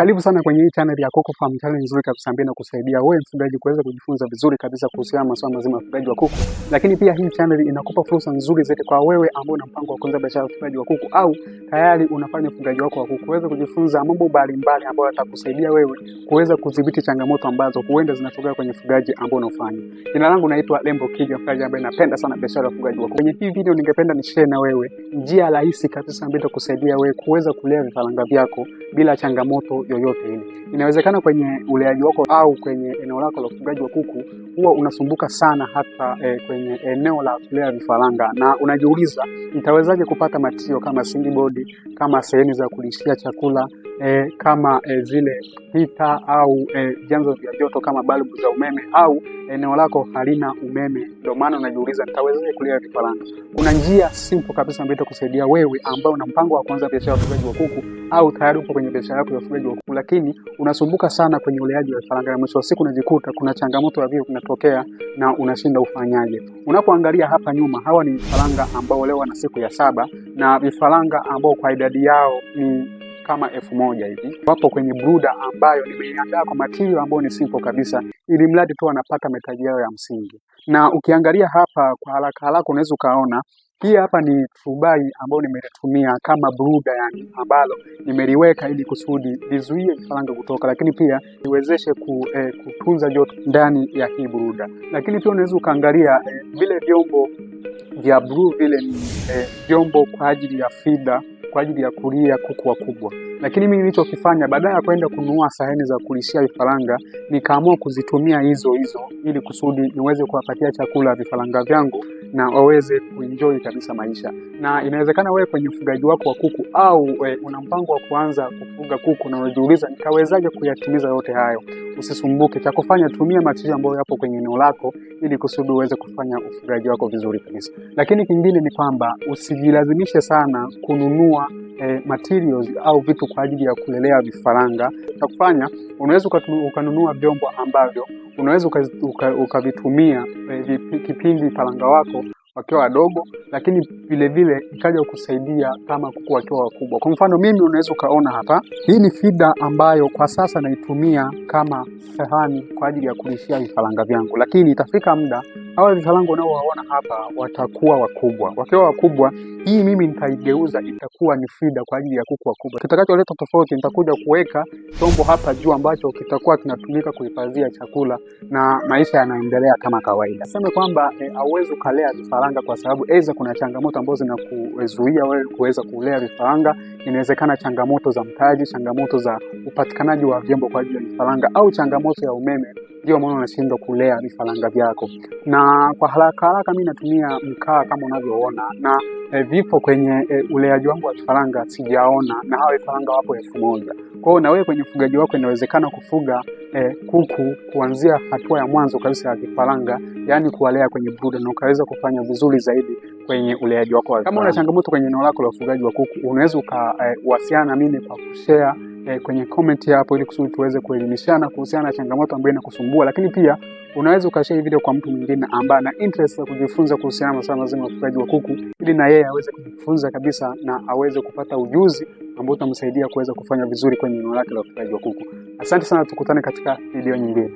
Karibu sana kwenye hii channel ya Kuku Farm, channel nzuri kabisa ambayo inakusaidia wewe mfugaji kuweza kujifunza vizuri kabisa kuhusiana na masuala mazima ya ufugaji wa kuku. Lakini pia hii channel inakupa fursa nzuri zaidi kwa wewe ambao una mpango wa kuanza biashara ya ufugaji wa kuku au tayari unafanya ufugaji wako wa kuku, kuweza kujifunza mambo mbalimbali ambayo yatakusaidia wewe kuweza kudhibiti changamoto ambazo huenda zinatokea kwenye ufugaji ambao unafanya. Jina langu naitwa Lembo Kija, mfugaji ambaye napenda sana biashara ya ufugaji wa kuku. Kwenye hii video ningependa nishare na wewe njia rahisi kabisa ambayo itakusaidia wewe kuweza kulea vifaranga vyako bila changamoto yoyote ile. Inawezekana kwenye uleaji wako au kwenye eneo lako la ufugaji wa kuku huwa unasumbuka sana hata e, kwenye eneo la kulea vifaranga, na unajiuliza nitawezaje kupata matio kama singibodi, kama sehemu za kulishia chakula e, kama e, zile hita au vyanzo vya joto kama balbu za umeme, au eneo lako halina umeme, ndio maana unajiuliza nitawezaje kulea vifaranga. Kuna njia simple kabisa ambayo itakusaidia wewe ambao una mpango wa kuanza biashara ya ufugaji wa kuku au tayari uko kwenye biashara yako ya ufugaji wa kuku, lakini unasumbuka sana kwenye uleaji wa vifaranga, na mwisho wa siku unajikuta kuna changamoto ya vifo vinatokea na unashinda ufanyaje. Unapoangalia hapa nyuma, hawa ni vifaranga ambao leo wana siku ya saba na vifaranga ambao kwa idadi yao ni kama elfu moja hivi wapo kwenye bruda ambayo nimeiandaa kwa matirio ambayo ni simple kabisa, ili mradi tu wanapata mahitaji yao ya msingi. Na ukiangalia hapa kwa haraka haraka, unaweza ukaona hii hapa ni turubai ambayo nimelitumia kama bruda, yani ambalo nimeliweka ili kusudi lizuie vifaranga kutoka, lakini pia niwezeshe ku, eh, kutunza joto ndani ya hii bruda. Lakini pia unaweza ukaangalia eh, vile eh, vyombo vya bluu vile ni eh, vyombo kwa ajili ya fida kwa ajili ya kulia kuku wakubwa. Lakini mimi nilichokifanya badala ya kwenda kununua sahani za kulishia vifaranga, nikaamua kuzitumia hizo hizo ili kusudi niweze kuwapatia chakula vifaranga vyangu na waweze kuenjoy kabisa maisha. Na inawezekana wewe kwenye ufugaji wako wa kuku au e, una mpango wa kuanza kufuga kuku na unajiuliza nikawezaje kuyatimiza yote hayo. Usisumbuke, cha kufanya tumia material ambayo yapo kwenye eneo lako ili kusudi uweze kufanya ufugaji wako vizuri kabisa. Lakini kingine ni kwamba usijilazimishe sana kununua E, materials au vitu kwa ajili ya kulelea vifaranga. Cha kufanya unaweza ukanunua vyombo ambavyo unaweza ukavitumia uka eh, kipindi faranga wako wakiwa wadogo, lakini vilevile ikaja kusaidia kama kuku wakiwa wakubwa. Kwa mfano mimi, unaweza ukaona hapa, hii ni fida ambayo kwa sasa naitumia kama sahani kwa ajili ya kulishia vifaranga vyangu, lakini itafika muda hawa vifaranga unaowaona hapa watakuwa wakubwa. Wakiwa wakubwa, hii mimi nitaigeuza itakuwa ni fida kwa ajili ya kuku wakubwa. Kitakacholeta tofauti, nitakuja kuweka chombo hapa juu ambacho kitakuwa kinatumika kuhifadhia chakula na maisha yanaendelea kama kawaida. Sema kwamba eh, hauwezi eh, ukalea vifaranga kwa sababu aidha kuna changamoto ambazo zinakuzuia wewe kuweza kulea vifaranga. Inawezekana changamoto za mtaji, changamoto za upatikanaji wa vyombo kwa ajili ya vifaranga, au changamoto ya umeme ndio maana unashindwa kulea vifaranga vyako. Na kwa haraka haraka mimi natumia mkaa kama unavyoona, na e, eh, vifo kwenye e, uleaji wangu wa vifaranga sijaona, na hawa vifaranga wapo elfu moja. Kwa hiyo na wewe kwenye ufugaji wako inawezekana kufuga eh, kuku kuanzia hatua ya mwanzo kabisa ya kifaranga yaani kuwalea kwenye brooder, na ukaweza kufanya vizuri zaidi kwenye uleaji wako Kama una changamoto kwenye eneo lako la ufugaji wa kuku, unaweza ukawasiliana eh, na mimi kwa kushare eh, kwenye comment hapo, ili kusudi tuweze kuelimishana kuhusiana na changamoto ambayo inakusumbua, lakini pia unaweza ukashare video kwa mtu mwingine ambaye ana interest ya kujifunza kuhusiana na masuala mazima ya ufugaji wa kuku, ili na yeye aweze kujifunza kabisa na aweze kupata ujuzi ambao utamsaidia kuweza kufanya vizuri kwenye eneo lake la ufugaji wa kuku. Asante sana, tukutane katika video nyingine.